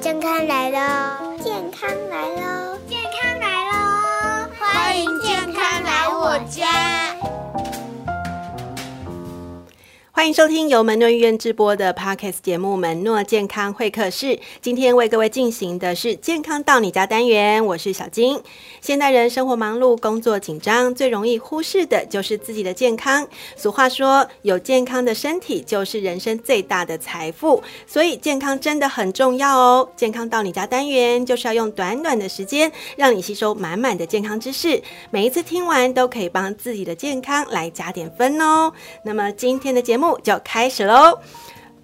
健康來嘍！健康來嘍！健康來嘍！歡迎健康來我家。歡迎收聽由門諾醫院制播的 Podcast 節目《門諾健康會客室》。今天為各位進行的是“健康到你家”單元，我是小金。現代人生活忙碌，工作緊張，最容易忽視的就是自己的健康。俗話說：“有健康的身體就是人生最大的財富。”所以，健康真的很重要哦！“健康到你家”單元就是要用短短的時間，讓你吸收滿滿的健康知識。每一次聽完，都可以幫自己的健康來加點分哦。那麼，今天的節目。目就要開始嘍！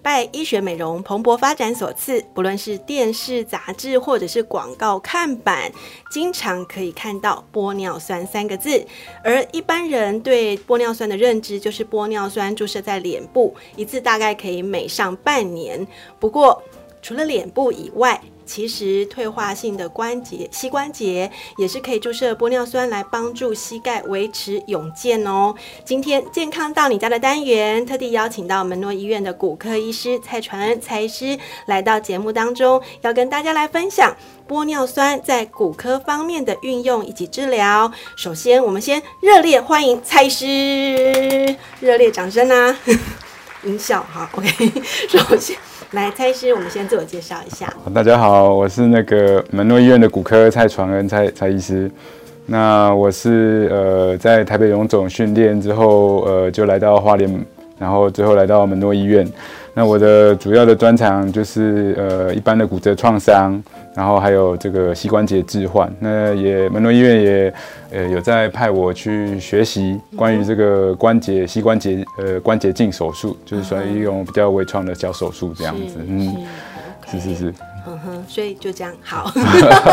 拜醫學美容蓬勃發展所賜，不論是電視、雜誌，或者是廣告看板，經常可以看到玻尿酸三個字。而一般人對玻尿酸的認知，就是玻尿酸注射在臉部，一次大概可以美上半年。不過，除了臉部以外，其實退化性的關節，膝關節也是可以注射玻尿酸來幫助膝蓋維持勇健哦。今天健康到你家的單元，特地邀請到門諾醫院的骨科醫師蔡傳恩蔡醫師來到節目當中，要跟大家來分享玻尿酸在骨科方面的運用以及治療。首先，我們先熱烈歡迎蔡醫師，熱烈掌聲吶、啊！音效哈，OK，首先。來，蔡醫師，我們先自我介紹一下。大家好，我是那個門諾醫院的骨科蔡傳恩蔡蔡醫師。那我是呃在台北榮總訓練之後，呃就來到花蓮，然後最後來到門諾醫院。那我的主要的專長就是呃一般的骨折創傷，然後還有這個膝關節置換。那也門諾醫院也呃有在派我去學習關於這個關節膝關節呃關節鏡手術，就是說用比較微創的小手術這樣子，嗯，是是是。是 Okay. 是是所以就這樣，好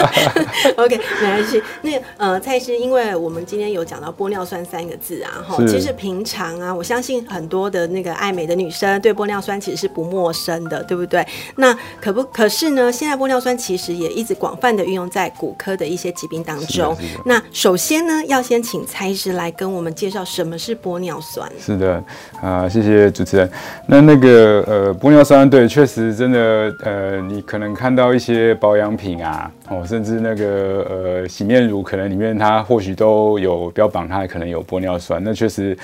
，OK，沒關係。那個、呃，蔡醫師，因為我們今天有講到玻尿酸三個字啊，哈，是其實平常啊，我相信很多的那個愛美的女生對玻尿酸其實是不陌生的，對不對？那可不，可是呢，現在玻尿酸其實也一直廣泛的運用在骨科的一些疾病當中。那首先呢，要先請蔡醫師來跟我們介紹什麼是玻尿酸。是的，啊、呃，謝謝主持人。那那個呃，玻尿酸，對，確實真的，呃，你可能看到一些。些保養品啊，哦，甚至那個呃洗面乳，可能裡面它或許都有標榜它可能有玻尿酸，那確實，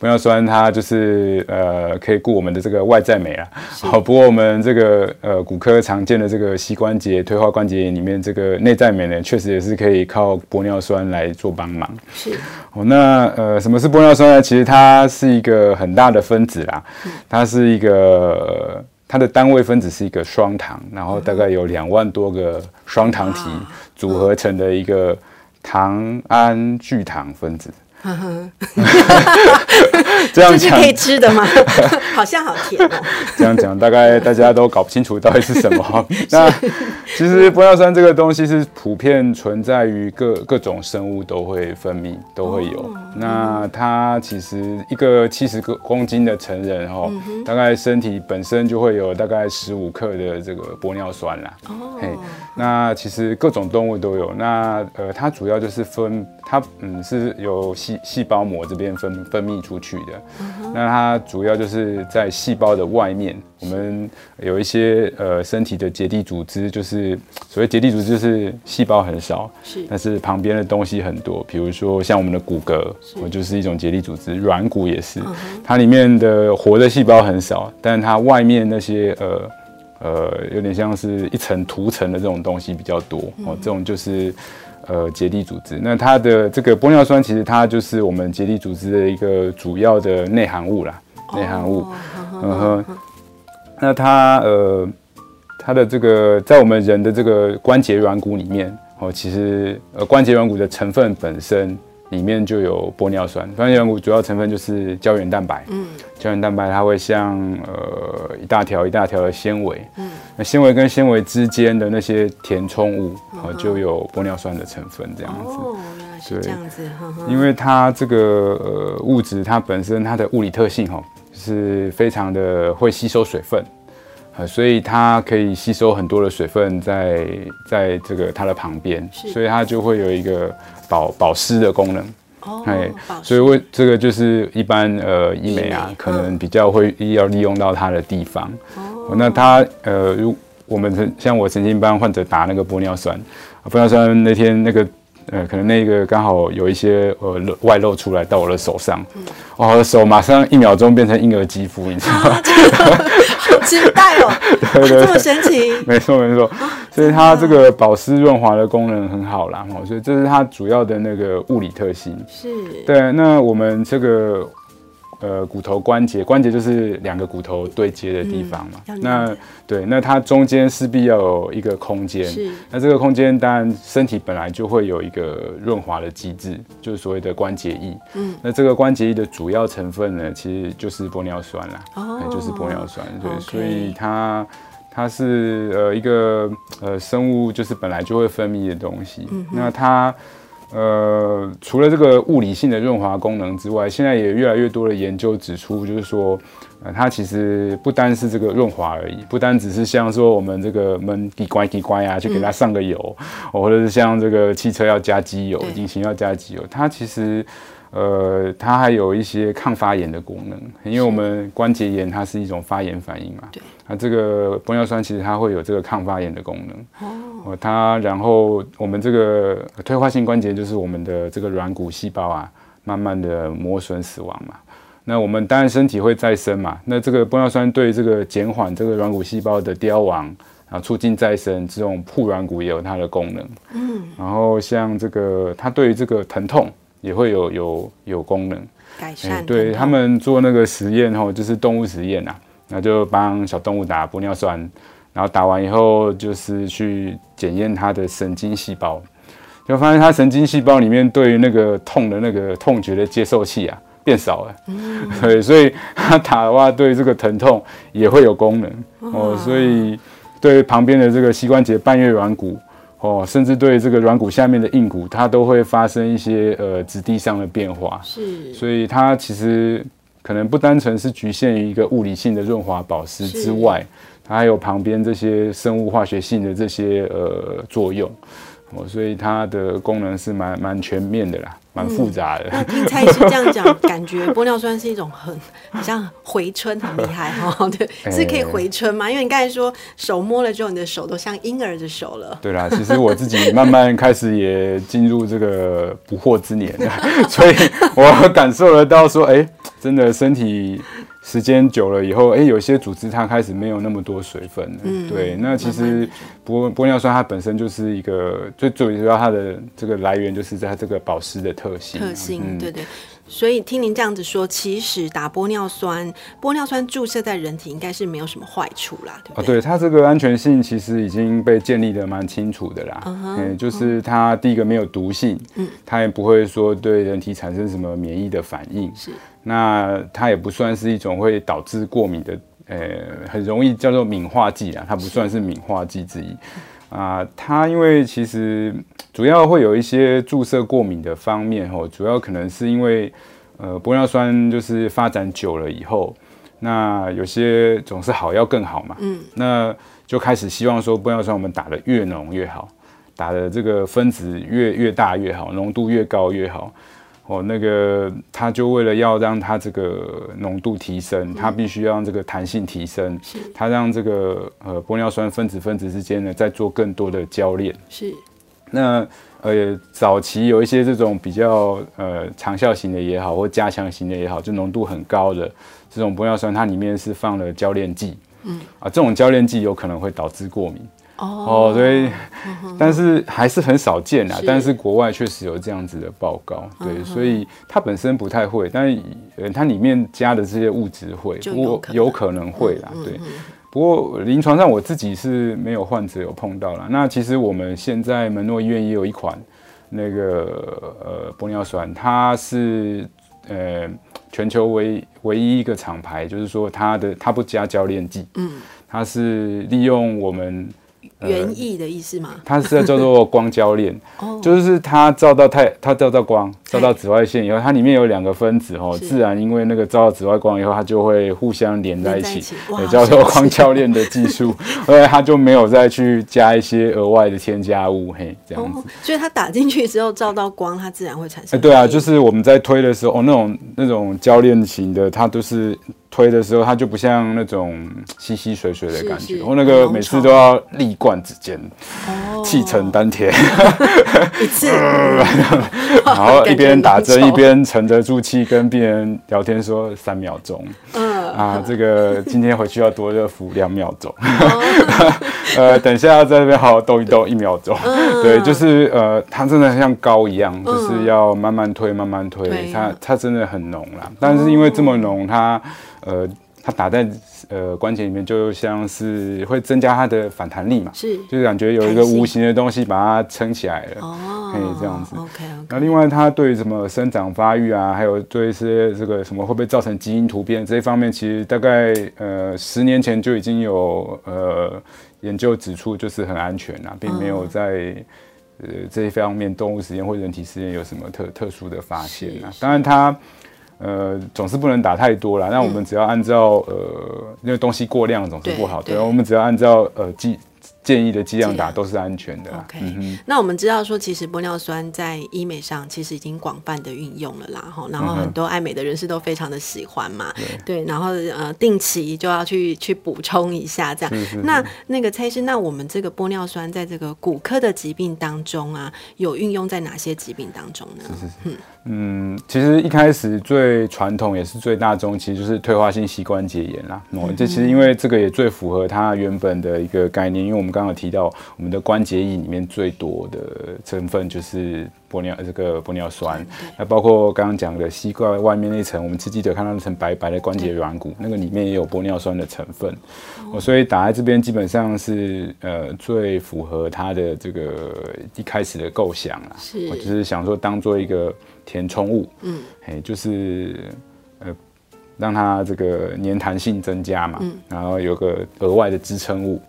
玻尿酸它就是呃可以顧我們的這個外在美啊。好是、哦，不過我們這個呃骨科常見的這個膝關節退化關節炎裡面這個內在美呢，確實也是可以靠玻尿酸來做幫忙。是。哦，那呃什麼是玻尿酸呢？其實它是一個很大的分子啦，它是一個。嗯它的單位分子是一個雙糖，然後大概有兩萬多個雙糖體組合成的一個糖胺聚糖分子。Uh huh. 這樣講，這是可以吃的嗎？ 好像好甜、喔。這樣講，大概大家都搞不清楚到底是什麼。 那是其實玻尿酸這個東西是普遍存在於各各種生物都會分泌，都會有。哦、那它其實一個七十個公斤的成人哦，嗯、哼大概身體本身就會有大概十五克的這個玻尿酸啦。哦嘿。那其實各種動物都有。那呃，它主要就是分它嗯是由細細胞膜這邊分分泌出去。嗯、那它主要就是在細胞的外面，是我們有一些呃身體的結締組織，就是所謂結締組織，就是細胞很少，是但是旁邊的東西很多，比如說像我們的骨骼，是我就是一種結締組織，軟骨也是，嗯、哼它裡面的活的細胞很少，但是它外面那些呃呃有點像是一層塗層的這種東西比較多，嗯、哼哦，這種就是。呃，結締組織，那它的這個玻尿酸，其實它就是我們結締組織的一個主要的內含物啦，oh. 內含物。嗯哼，那它呃，它的這個在我們人的這個關節軟骨裡面，哦、嗯呃，其實呃，關節軟骨的成分本身。裡面就有玻尿酸，玻尿酸主要成分就是膠原蛋白。嗯，膠原蛋白它會像呃一大條一大條的纖維。嗯，那纖維跟纖維之間的那些填充物、嗯呃，就有玻尿酸的成分，這樣子。哦，原來是這樣子。對嗯、因為它這個、呃、物質它本身它的物理特性、喔、哈、就，是非常的會吸收水分。呃，所以它可以吸收很多的水分在在這個它的旁邊，是所以它就會有一個保保濕的功能。哦，哎，所以為這個就是一般呃醫美啊，可能比較會要利用到它的地方。哦，那它呃，如我們像我曾經幫患者打那個玻尿酸，玻尿酸那天那個。呃，可能那個剛好有一些呃露外露出來到我的手上，嗯哦、我的手馬上一秒鐘變成嬰兒肌膚，你知道嗎？啊、 好期待哦！ 對對，對、啊，這麼神奇，沒錯沒錯，所以它這個保濕潤滑的功能很好啦，哈，所以這是它主要的那個物理特性。是。對，那我們這個。呃，骨頭關節關節就是兩個骨頭對接的地方嘛。嗯嗯、那對，那它中間勢必要有一個空間。是。那這個空間當然身體本來就會有一個潤滑的機制，就是所謂的關節液。嗯。那這個關節液的主要成分呢，其實就是玻尿酸啦。哦、oh, 嗯。就是玻尿酸，對。okay. 所以它它是呃一個呃生物就是本來就會分泌的東西。嗯嗯、那它。呃，除了這個物理性的潤滑功能之外，現在也越來越多的研究指出，就是說，呃，它其實不單是這個潤滑而已，不單只是像說我們這個門滴乖滴乖啊，去給它上個油，嗯，哦，或者是像這個汽車要加機油，對引擎要加機油，它其實。呃，它還有一些抗發炎的功能，因為我們關節炎它是一種發炎反應嘛，對是。那這個玻尿酸其實它會有這個抗發炎的功能哦。它然後我們這個退化性關節就是我們的這個軟骨細胞啊，慢慢的磨損死亡嘛。那我們當然身體會再生嘛。那這個玻尿酸對這個減緩這個軟骨細胞的凋亡，然後促進再生這種護軟骨也有它的功能。嗯。然後像這個它對於這個疼痛。也會有有有功能改善、欸，對他們做那個實驗哦，就是動物實驗吶、啊，那就幫小動物打玻尿酸，然後打完以後就是去檢驗它的神經細胞，就發現它神經細胞裡面對於那個痛的那個痛覺的接受器啊變少了，嗯、對，所以它打的話對於這個疼痛也會有功能哦，哦，所以對旁邊的這個膝關節半月軟骨。哦，甚至對這個軟骨下面的硬骨，它都會發生一些呃質地上的變化。是，所以它其實可能不單純是局限於一個物理性的潤滑保濕之外，是它還有旁邊這些生物化學性的這些呃作用。哦，所以它的功能是蠻蠻全面的啦，蠻複雜的。嗯、那聽蔡醫師這樣講， 感覺玻尿酸是一種很，很像回春很厲害哈、哦，對，是可以回春嘛？欸、因為你剛才說手摸了之後，你的手都像嬰兒的手了。對啦，其實我自己慢慢開始也進入這個不惑之年， 所以我感受得到說，哎、欸，真的身體。時間久了以後，哎、欸，有些組織它開始沒有那麼多水分了，嗯，對，那其實玻玻尿酸它本身就是一個，嗯、最主要它的這個來源就是它這個保濕的特性。特性，嗯、對，對對。所以聽您這樣子說，其實打玻尿酸，玻尿酸注射在人體應該是沒有什麼壞處啦，對啊，哦、對，它這個安全性其實已經被建立得蠻清楚的啦。Uh、huh，嗯哼，就是它第一個沒有毒性，嗯、uh，huh。它也不會說對人體產生什麼免疫的反應，是、嗯。那它也不算是一種會導致過敏的，呃，很容易叫做敏化劑啦，它不算是敏化劑之一。是嗯啊，它因為其實主要會有一些注射過敏的方面，哦，吼，主要可能是因為，呃，玻尿酸就是發展久了以後，那有些總是好要更好嘛，嗯，那就開始希望說玻尿酸我們打得越濃越好，打的這個分子越越大越好，濃度越高越好。哦，那個，它就為了要讓它這個濃度提升，嗯、它必須要讓這個彈性提升，是它讓這個呃玻尿酸分子分子之間呢再做更多的交聯是。那呃，早期有一些這種比較呃長效型的也好，或加強型的也好，就濃度很高的這種玻尿酸，它裡面是放了交聯劑。嗯。啊、呃，這種交聯劑有可能會導致過敏。哦，所以但是還是很少見啦。是，但是國外確實有這樣子的報告，嗯、哼對，所以它本身不太會，但呃，它裡面加的這些物質會，有可有可能會啦，嗯、哼對。不過臨床上我自己是沒有患者，有碰到了。那其實我們現在門諾醫院也有一款那個呃玻尿酸，它是呃全球唯唯一一個廠牌，就是說它的它不加交聯劑，嗯，它是利用我們。呃、原意的意思嗎？它是在叫做光交鏈， 就是它照到太，它照到光，照到紫外線以後，它裡面有兩個分子哦，是自然因為那個照到紫外光以後，它就會互相連在一起，也叫做光交鏈的技術， 所以它就沒有再去加一些額外的添加物，嘿， 這樣子、哦。所以它打進去之後照到光，它自然會產生、呃。對啊，就是我們在推的時候，那種那種交鏈型的，它都、就是。推的時候，它就不像那種稀稀水水的感覺，我那個每次都要力貫指尖，氣沉丹田，然後一邊打針一邊沉得住氣，跟病人聊天說三秒鐘，嗯啊，這個今天回去要多熱敷兩秒鐘。 呃，等一下要在這邊好好抖一抖一秒鐘。對，對，就是呃，它真的像膏一樣，呃、就是要慢慢推，慢慢推。呀它它真的很濃啦，但是因為這麼濃，它呃，它打在呃關節裡面，就像是會增加它的反彈力嘛，是，就是感覺有一個無形的東西把它撐起來了。哦性，可以這樣子。Oh, OK 那、okay. 啊、另外它對什麼生長發育啊，還有對一些這個什麼會不會造成基因突變這一方面，其實大概呃十年前就已經有呃。研究指出，就是很安全吶、啊，並沒有在呃這一方面動物實驗或人體實驗有什麼特特殊的發現啊。是是當然它，它呃總是不能打太多啦，那我們只要按照、嗯、呃，那個東西過量總是不好，對，對我們只要按照呃，建議的劑量打都是安全的。OK，、嗯、哼那我們知道說，其實玻尿酸在醫美上其實已經廣泛的運用了啦，哈，然後很多愛美的人士都非常的喜歡嘛，嗯、哼對，然後呃，定期就要去去補充一下這樣。是是是那那個蔡醫師那我們這個玻尿酸在這個骨科的疾病當中啊，有運用在哪些疾病當中呢？是是是嗯,嗯其實一開始最傳統也是最大宗其實就是退化性膝關節炎啦。這其實因為這個也最符合它原本的一個概念，因為我們。剛剛有提到，我們的關節液裡面最多的成分就是玻尿這個玻尿酸。那包括剛剛講的膝蓋外面那層，我們吃雞腿看到那層白白的關節軟骨，對那個裡面也有玻尿酸的成分。對我所以打在這邊，基本上是呃最符合它的這個一開始的構想啦。是，我就是想說當做一個填充物，嗯，哎，就是呃讓它這個粘彈性增加嘛，嗯，然後有個額外的支撐物。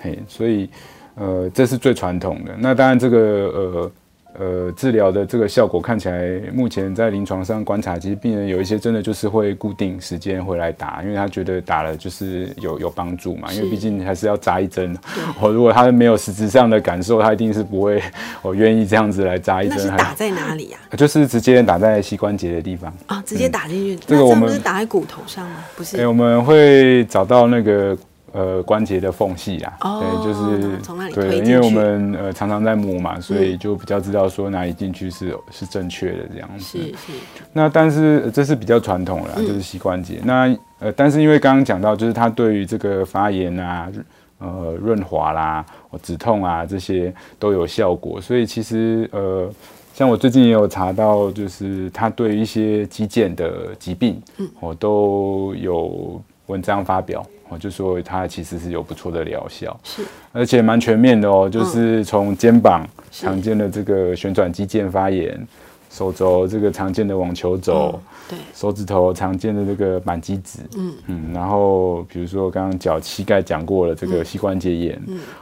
嘿，hey, 所以，呃，這是最傳統的。那當然，這個呃呃治療的這個效果看起來，目前在臨床上觀察，其實病人有一些真的就是會固定時間回來打，因為他覺得打了就是有有幫助嘛。是因為畢竟還是要扎一針。對我如果他沒有實質上的感受，他一定是不會我願意這樣子來扎一針。那是打在哪裡呀、啊？就是直接打在膝關節的地方啊，直接打進去。嗯、這個我們打在骨頭上嗎？不是。欸、我們會找到那個。呃，關節的縫隙啊，oh, 對，就是對，因為我們呃常常在摸嘛，所以就比較知道說哪裡進去是是正確的這樣子。嗯。那但是，呃，這是比較傳統的啦，就是膝關節。嗯。那呃，但是因為剛剛講到，就是它對於這個發炎啊、呃，潤滑啦、啊、止痛啊，這些都有效果，所以其實呃，像我最近也有查到，就是它對於一些肌腱的疾病，我、呃，都有文章發表。我就說它其實是有不錯的療效，是，而且蠻全面的哦，就是從肩膀常見的這個旋轉肌腱發炎，是手肘這個常見的網球肘，嗯、對，手指頭常見的這個扳機指，嗯嗯，然後比如說剛剛腳膝蓋講過了這個膝關節炎，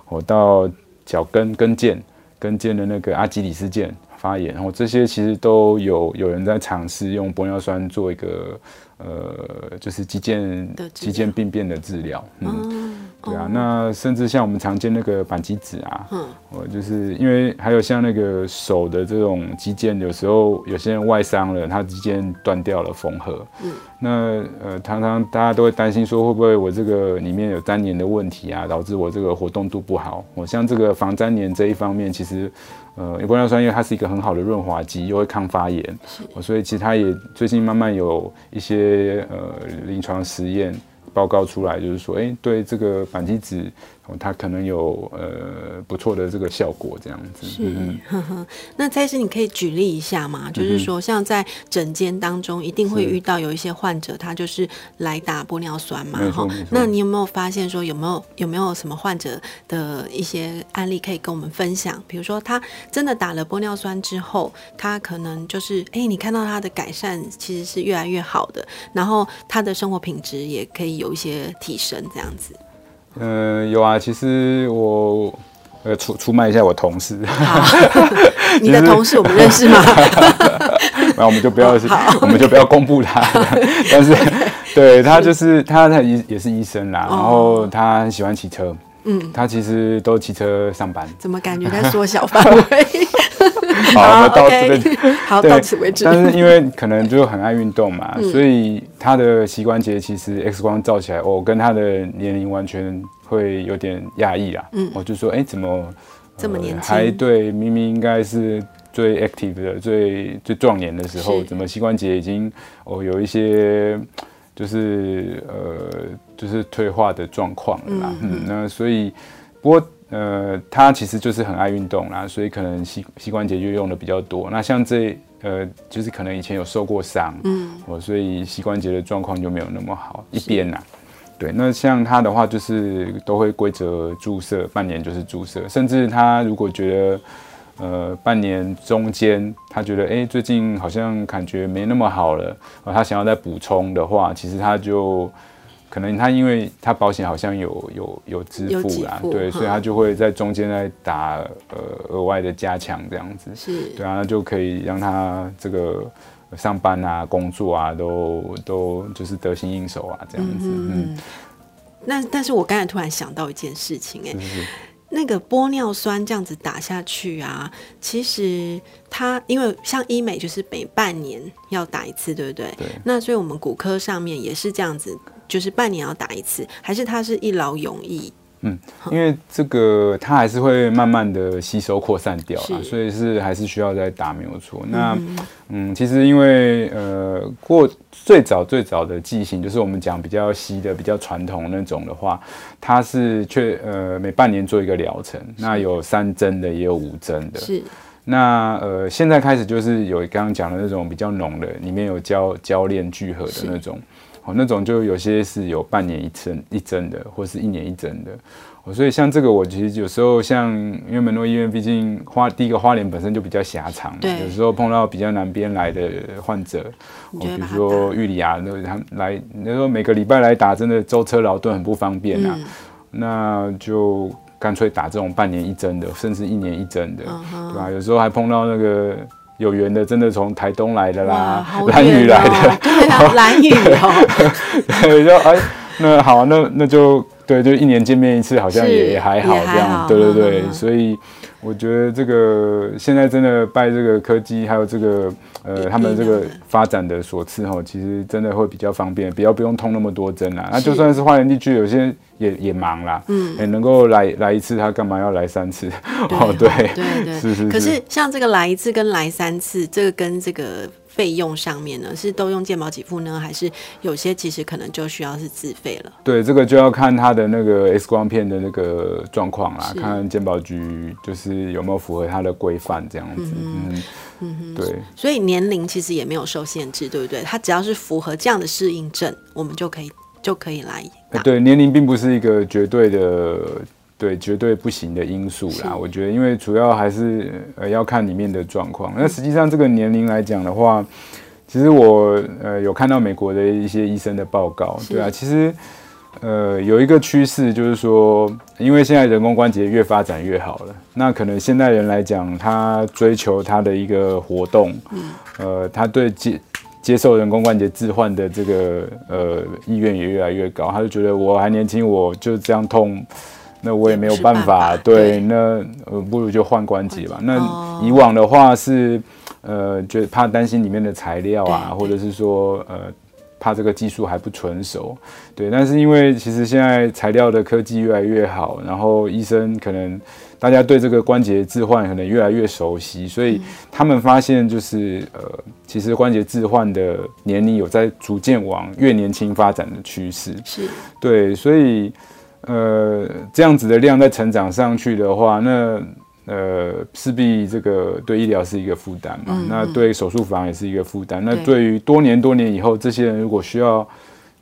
我、嗯哦、到腳跟跟腱，跟腱的那個阿基里斯腱發炎，然、哦、後這些其實都有有人在嘗試用玻尿酸做一個。呃，就是肌腱肌腱病變的治療，嗯，哦、對啊，那甚至像我們常見那個板機指啊，嗯，我就是因為還有像那個手的這種肌腱，有時候有些人外傷了，他肌腱斷掉了縫合，嗯，那呃，常常大家都會擔心說會不會我這個裡面有粘連的問題啊，導致我這個活動度不好。我像這個防粘黏這一方面，其實。呃，因玻尿酸因為它是一個很好的潤滑劑，又會抗發炎，所以其實它也最近慢慢有一些呃臨床實驗報告出來，就是說，誒、欸，對這個扳機指。它可能有呃不錯的這個效果，這樣子。是，嗯、呵呵，那蔡醫生，你可以舉例一下嘛？嗯、哼就是說，像在診間當中，一定會遇到有一些患者，是他就是來打玻尿酸嘛，哈。那你有沒有發現說，有沒有有沒有什麼患者的一些案例可以跟我們分享？比如說，他真的打了玻尿酸之後，他可能就是，哎、欸，你看到他的改善其實是越來越好的，然後他的生活品質也可以有一些提升，這樣子。嗯。嗯，有啊，其實我呃出出賣一下我同事，你的同事我不認識嗎？那我們就不要，我們就不要公布他。但是對他就是他也也是醫生啦，然後他很喜歡騎車，他其實都騎車上班。怎麼感覺在縮小範圍？好，好到這個 Okay. 好對到此為止。但是因為可能就很愛運動嘛，嗯、所以他的膝關節其實 X 光照起來，我、哦、跟他的年齡完全會有點訝異啦。嗯，我就說，哎、欸，怎麼、呃、這麼年輕？還對，明明應該是最 active 的、最最壯年的時候，是怎麼膝關節已經哦有一些就是呃就是退化的狀況了啦。嗯,嗯,嗯，那所以不過。呃，他其實就是很愛運動啦，所以可能膝膝關節就用的比較多。那像這呃，就是可能以前有受過傷，嗯，所以膝關節的狀況就沒有那麼好是一邊啦、啊。對，那像他的話，就是都會規則注射，半年就是注射，甚至他如果覺得呃半年中間他覺得哎最近好像感覺沒那麼好了，他想要再補充的話，其實他就。可能他因為他保險好像有有有支付啊。給付，對，嗯、所以他就會在中間來打呃額外的加強這樣子，是，對啊，他就可以讓他這個上班啊、工作啊都都就是得心應手啊這樣子，嗯哼嗯哼嗯，那但是我剛才突然想到一件事情，欸，哎，那個玻尿酸這樣子打下去啊，其實它因為像醫美就是每半年要打一次，對不對？對，那所以我們骨科上面也是這樣子。就是半年要打一次，還是它是一勞永逸？嗯，因為這個它還是會慢慢的吸收擴散掉啦，是所以是還是需要再打，沒有錯。那嗯，嗯，其實因為呃過最早最早的劑型，就是我們講比較稀的，比較傳統那種的話，它是卻呃每半年做一個療程，是那有三針的，也有五針的。是那呃現在開始就是有剛剛講的那種比較濃的，裡面有交交聯聚合的那種。哦，那種就有些是有半年一針一針的，或是一年一針的。我所以像這個，我其實有時候像因為門諾醫院，畢竟花第一個花蓮本身就比較狹長嘛，對有時候碰到比較南邊來的患者，我比如說玉里啊，那他們來，你說每個禮拜來打針的舟車勞頓很不方便啊，嗯、那就乾脆打這種半年一針的，甚至一年一針的，嗯、哼對吧？有時候還碰到那個。有緣的，真的從台東來的啦，蘭嶼來的，對啊，蘭嶼哦。哦， 哎，那好，那那就對，就一年見面一次，好像也也還好這樣，對對對，嗯嗯、所以。我覺得這個現在真的拜這個科技還有這個呃他們這個發展的所賜哈，其實真的會比較方便，比較不用通那麼多針啦。那就算是花蓮地區，有些也也忙啦、欸，嗯，也能夠來來一次，他幹嘛要來三次？嗯、哦，對，對對,對，是是,是。可是像這個來一次跟來三次，這個跟這個。費用上面呢，是都用健保給付呢，還是有些其實可能就需要是自費了？對，這個就要看他的那個 X 光片的那個狀況啦，是看健保局就是有沒有符合他的規範這樣子。嗯哼嗯哼，對。所以年齡其實也沒有受限制，對不對？他只要是符合這樣的適應症，我們就可以就可以來打。欸、對，年齡並不是一個絕對的。對，絕對不行的因素啦。是我覺得，因為主要還是呃要看裡面的狀況。那實際上，這個年齡來講的話，其實我呃有看到美國的一些醫生的報告，是對啊，其實呃有一個趨勢就是說，因為現在人工關節越發展越好了，那可能現代人來講，他追求他的一個活動，嗯、呃，他對接接受人工關節置換的這個呃意願也越來越高，他就覺得我還年輕，我就這樣痛。那我也沒有辦法，是是，對。嗯、那呃，不如就換關節吧。那以往的話是，呃，覺得怕擔心裡面的材料啊，嗯、或者是說呃，怕這個技術還不純熟，對。但是因為其實現在材料的科技越來越好，然後醫生可能大家對這個關節置換可能越來越熟悉，所以他們發現就是呃，其實關節置換的年齡有在逐漸往越年輕發展的趨勢，是，對，所以。呃，這樣子的量再成長上去的話，那呃勢必這個對醫療是一個負擔嘛，嗯嗯，那對手術房也是一個負擔。嗯嗯，那對於多年多年以後這些人如果需要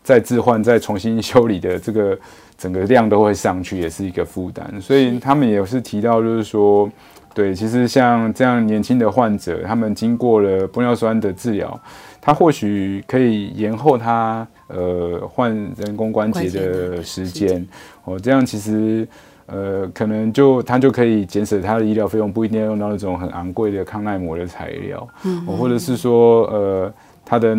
再置換、再重新修理的這個整個量都會上去，也是一個負擔。所以他們也是提到，就是說，是的。對，其實像這樣年輕的患者，他們經過了玻尿酸的治療，他或許可以延後他呃換人工關節的時間，時哦，這樣其實呃可能就他就可以減少他的醫療費用，不一定要用到那種很昂貴的抗耐磨的材料嗯嗯，哦，或者是說呃他的。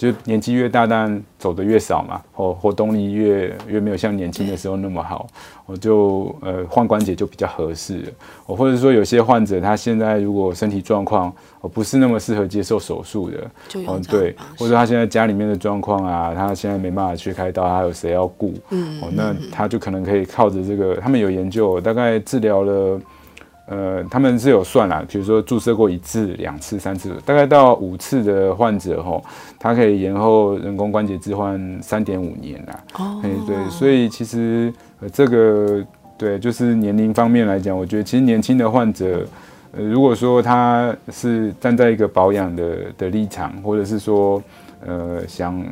就年紀越大，但走得越少嘛，或活動力越越沒有像年輕的時候那麼好。我 Okay. 就呃換關節就比較合適了。我或者說有些患者，他現在如果身體狀況我不是那麼適合接受手術的，嗯、呃、對，或者他現在家裡面的狀況啊，他現在沒辦法去開刀，他還有誰要顧？嗯、mm，hmm. 哦，那他就可能可以靠着這個，他們有研究，大概治療了。呃，他們是有算啦，比如說注射過一次、兩次、三次，大概到五次的患者吼。哦，他可以延後人工關節置換三點五年啦。哦。Oh. 對，所以其實，呃，這個，對，就是年齡方面來講，我覺得其實年輕的患者，呃，如果說他是站在一個保養的的立場，或者是說。呃，想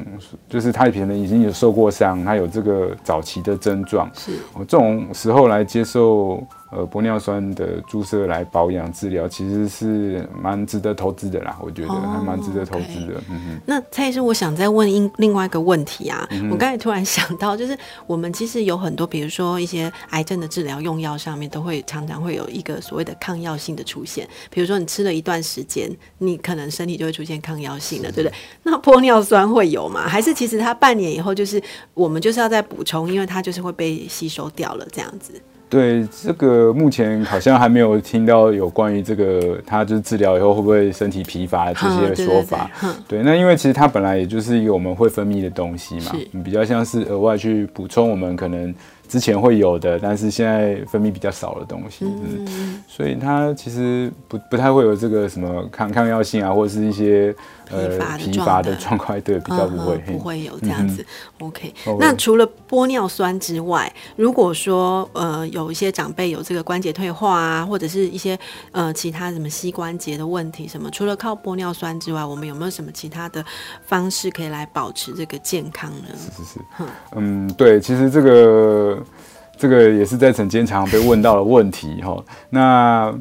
就是他以前已經有受過傷，他有這個早期的症狀，是，這種時候來接受呃玻尿酸的注射來保養治療，其實是蠻值得投資的啦，我覺得、哦、還蠻值得投資的。哦 okay、嗯哼。那蔡醫師，我想再問另另外一個問題啊，嗯、哼我剛才突然想到，就是我們其實有很多，比如說一些癌症的治療用藥上面，都會常常會有一個所謂的抗藥性的出現，比如說你吃了一段時間，你可能身體就會出現抗藥性了，是對不對？那玻。尿酸會有嗎？還是其實它半年以後就是，我們就是要再補充，因為它就是會被吸收掉了這樣子。對，這個目前好像還沒有聽到有關於這個它就是治療以後會不會身體疲乏這些說法。嗯對，對，對，嗯、對，那因為其實它本來也就是一個我們會分泌的東西嘛，是比較像是額外去補充我們可能。之前會有的，但是現在分泌比較少的東西，嗯，所以它其實不不太會有這個什麼抗抗藥性啊，或者是一些呃疲乏的狀態，呃嗯、對，比較不會、嗯嗯、不會有這樣子。嗯、OK，OK，那除了玻尿酸之外，如果說呃有一些長輩有這個關節退化啊，或者是一些呃其他什麼膝關節的問題，什麼除了靠玻尿酸之外，我們有沒有什麼其他的方式可以來保持這個健康呢？是是是，嗯，對，其實這個。這個也是在診間常被問到的問題哈、哦。那，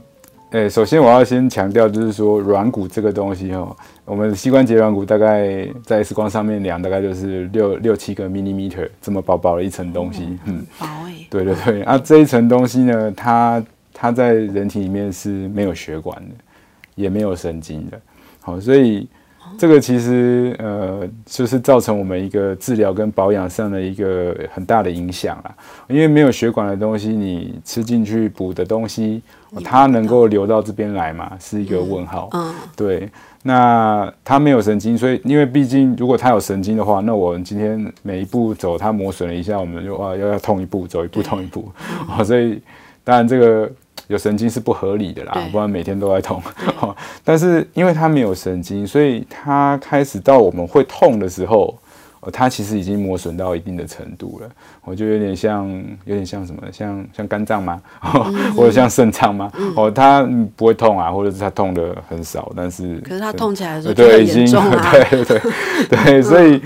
誒，首先我要先強調，就是說軟骨這個東西哈、哦，我們膝關節軟骨大概在時光上面量，大概就是六六七個 millimeter 這麼薄薄的一層東西。嗯，嗯薄誒。對對對，啊，這一層東西呢，它它在人體裡面是沒有血管的，也沒有神經的。好、哦，所以。這個其實呃，就是造成我們一個治療跟保養上的一個很大的影響啦。因為沒有血管的東西，你吃進去補的東西，哦、它能夠流到這邊來嘛，是一個問號。嗯。對，那它沒有神經，所以因為畢竟如果它有神經的話，那我們今天每一步走，它磨損了一下，我們就啊，又要痛一步，走一步痛一步。啊對、哦，所以當然這個。有神經是不合理的啦，對不然每天都在痛對、哦。但是因為他沒有神經，所以他開始到我們會痛的時候，哦、他其實已經磨損到一定的程度了。我、哦、就有點像，有點像什麼，像像肝臟嗎？或者像腎臟嗎？哦，他不會痛啊，或者是他痛的很少，但是可是他痛起來的時候就對已經經嚴重啊。對對 對，對對對嗯、所以。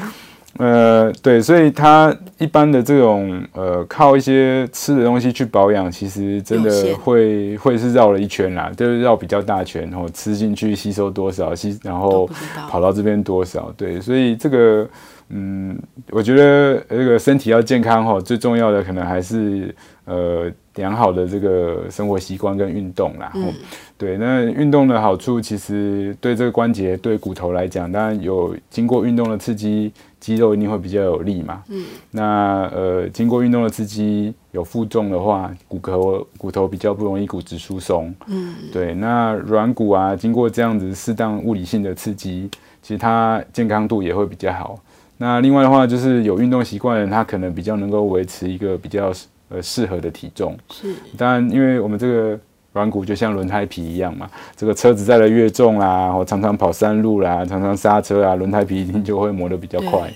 呃，對，所以他一般的這種呃，靠一些吃的東西去保養，其實真的會會是繞了一圈啦，就是繞比較大圈，然後吃進去吸收多少，吸然後跑到這邊多少，對，所以這個嗯，我覺得這個身體要健康哦，最重要的可能還是呃。良好的這個生活習慣跟運動，然後，嗯，對，那運動的好處其實對這個關節、對骨頭來講，當然有經過運動的刺激，肌肉一定會比較有力嘛，嗯，那呃經過運動的刺激，有負重的話，骨骼骨頭比較不容易骨質疏鬆，嗯，對，那軟骨啊，經過這樣子適當物理性的刺激，其實它健康度也會比較好。那另外的話，就是有運動習慣的人，他可能比較能夠維持一個比較。呃，適合的體重是，當然，因為我們這個軟骨就像輪胎皮一樣嘛，這個車子載得越重啦、啊，我、哦、常常跑山路啦、啊，常常剎車啊，輪胎皮一定就會磨得比較快。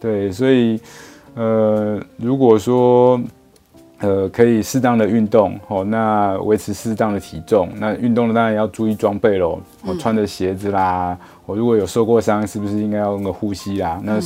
對，對，所以，呃，如果說，呃，可以適當的運動哦，那維持適當的體重，那運動當然要注意裝備嘍，我、哦嗯、穿的鞋子啦，我、哦、如果有受過傷，是不是應該要用個護膝啊？那。嗯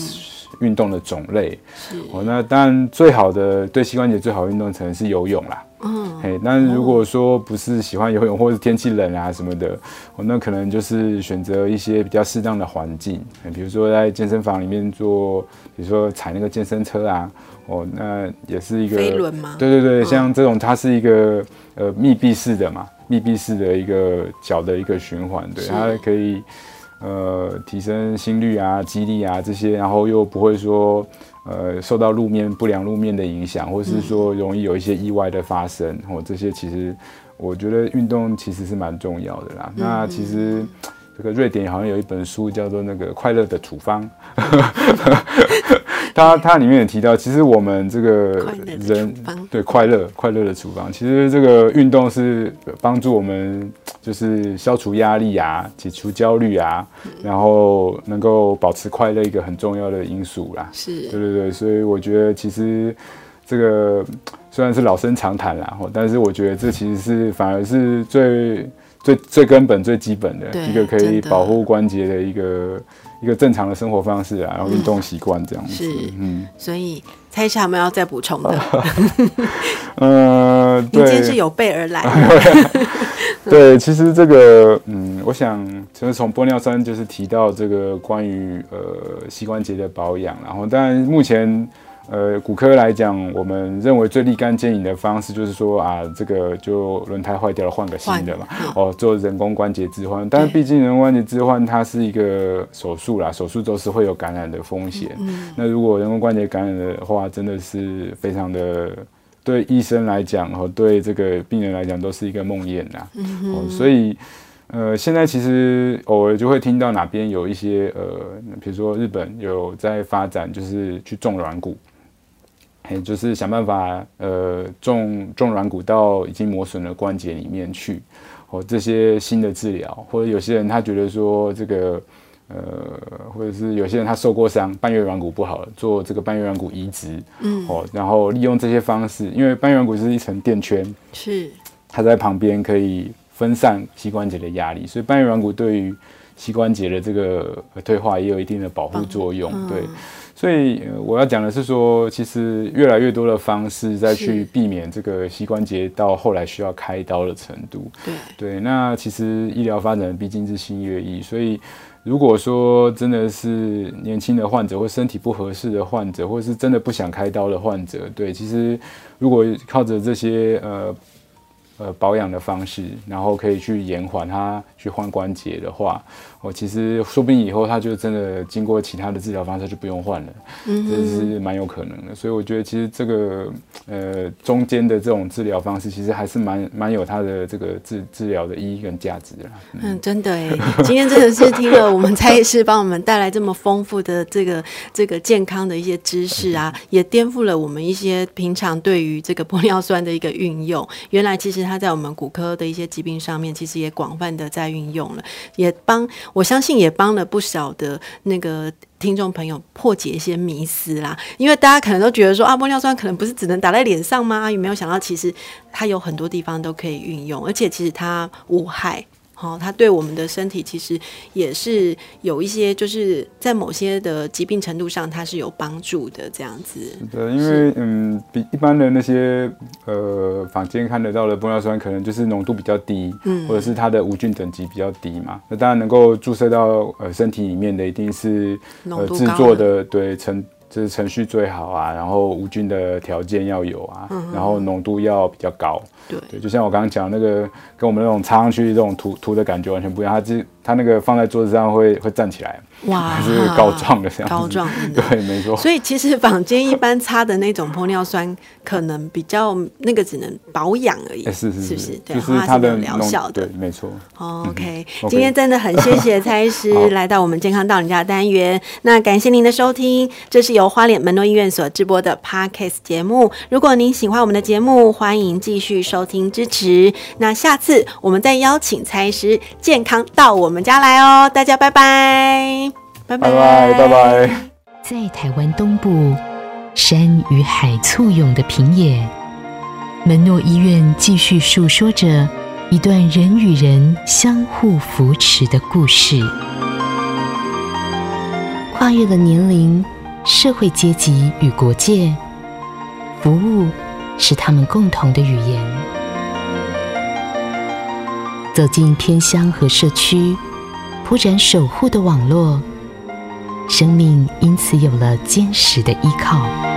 運動的種類是哦，那當然最好的對膝關節最好的運動，可能是游泳啦。嗯、哦，哎，但如果說不是喜歡游泳，或者天氣冷啊什麼的，哦，那可能就是選擇一些比較適當的環境，比如說在健身房裡面做，比如說踩那個健身車啊，哦，那也是一個飛輪嗎？對對對，像這種它是一個、哦、呃密閉式的嘛，密閉式的一個腳的一個循環，對，是它可以。呃，提升心率啊，肌力啊這些，然後又不會說，呃，受到路面不良路面的影響，或是說容易有一些意外的發生，嗯、哦，這些其實我覺得運動其實是蠻重要的啦。嗯、那其實、嗯、這個瑞典好像有一本書叫做《那個快樂的處方》，嗯， 它它裡面也提到，其實我們這個人對快樂快樂的處方，其實這個運動是幫助我們。就是消除壓力啊，解除焦慮啊，嗯、然後能夠保持快樂，一個很重要的因素啦。是，對對對，所以我覺得其實這個雖然是老生常談啦，但是我覺得這其實是、嗯、反而是最最最根本、最基本的對一個可以保護關節的一個的一個正常的生活方式啊，嗯、然後運動習慣這樣子。是嗯，所以猜一下，有沒有要再補充的。嗯、啊呃，對，你今天是有備而來。 對，其實這個，嗯，我想其實從玻尿酸就是提到這個關於呃膝關節的保養，然後當然目前呃骨科來講，我們認為最立竿見影的方式就是說啊，這個就輪胎壞掉了，換個新的嘛，了哦，做人工關節置換。但是畢竟人工關節置換它是一個手術啦，手術都是會有感染的風險。嗯嗯，那如果人工關節感染的話，真的是非常的。對醫生來講和對這個病人來講都是一個夢魘，嗯哼哦、所以，呃，現在其實偶爾就會聽到哪邊有一些呃，比如說日本有在發展，就是去種軟骨，還就是想辦法呃種種軟骨到已經磨損的關節裡面去，哦，這些新的治療，或者有些人他覺得說這個。呃，或者是有些人他受過傷，半月軟骨不好了，做這個半月軟骨移植，嗯，哦，然後利用這些方式，因為半月軟骨是一層墊圈，是，它在旁邊可以分散膝關節的壓力，所以半月軟骨對於膝關節的這個呃退化也有一定的保護作用，嗯、對，所以我要講的是說，其實越來越多的方式再去避免這個膝關節到後來需要開刀的程度，對，對，那其實醫療發展畢竟日新月異，所以。如果說真的是年輕的患者，或身體不合適的患者，或是真的不想開刀的患者，對，其實如果靠着這些，呃。呃，保養的方式，然後可以去延緩它去換關節的話，我、哦、其實說不定以後它就真的經過其他的治療方式就不用換了，嗯哼，這是蠻有可能的。所以我覺得其實這個呃中間的這種治療方式，其實還是蠻蠻有它的這個治治療的意義跟價值的嗯，嗯，真的、欸，今天真的是聽了我們蔡醫師幫我們帶來這麼豐富的這個這個健康的一些知識啊，也顛覆了我們一些平常對於這個玻尿酸的一個運用，原來其實它。它在我們骨科的一些疾病上面，其實也廣泛的在運用了，也幫我相信也幫了不少的那個聽眾朋友破解一些迷思啦。因為大家可能都覺得說啊，玻尿酸可能不是只能打在臉上嗎？也沒有想到其實它有很多地方都可以運用，而且其實它無害。哦，它對我們的身體其實也是有一些，就是在某些的疾病程度上，它是有幫助的這樣子，是的。因為嗯，比一般的那些呃坊間看得到的玻尿酸，可能就是濃度比較低，嗯，或者是它的無菌等級比較低嘛。那當然能夠注射到呃身體裡面的，一定是濃度呃製作的對成。這是程序，最好啊，然後無菌的條件要有啊，然後濃度要比較高。對，就像我剛剛講的那個，跟我們那種插上去這種塗塗的感覺完全不一樣，它是。它那個放在桌子上會會站起來，哇，是膏狀的，膏狀，對，沒錯。所以其實坊間一般擦的那種玻尿酸，可能比較那個只能保養而已，是是不是？對，是它的療效的，沒錯。OK，今天真的很謝謝蔡醫師來到我們健康到你家單元，那感謝您的收聽，這是由花蓮門諾醫院所直播的 Podcast 節目。如果您喜歡我們的節目，歡迎繼續收聽支持。那下次我們再邀請蔡醫師健康到我們。我們家來哦，大家拜拜，拜拜、拜拜，拜拜。在台灣東部，山與海簇擁的平野，門諾醫院繼續述說着一段人與人相互扶持的故事，跨越了年齡、社會階級與國界，服務是他們共同的語言。走進偏鄉和社區，鋪展守護的網絡，生命因此有了堅實的依靠。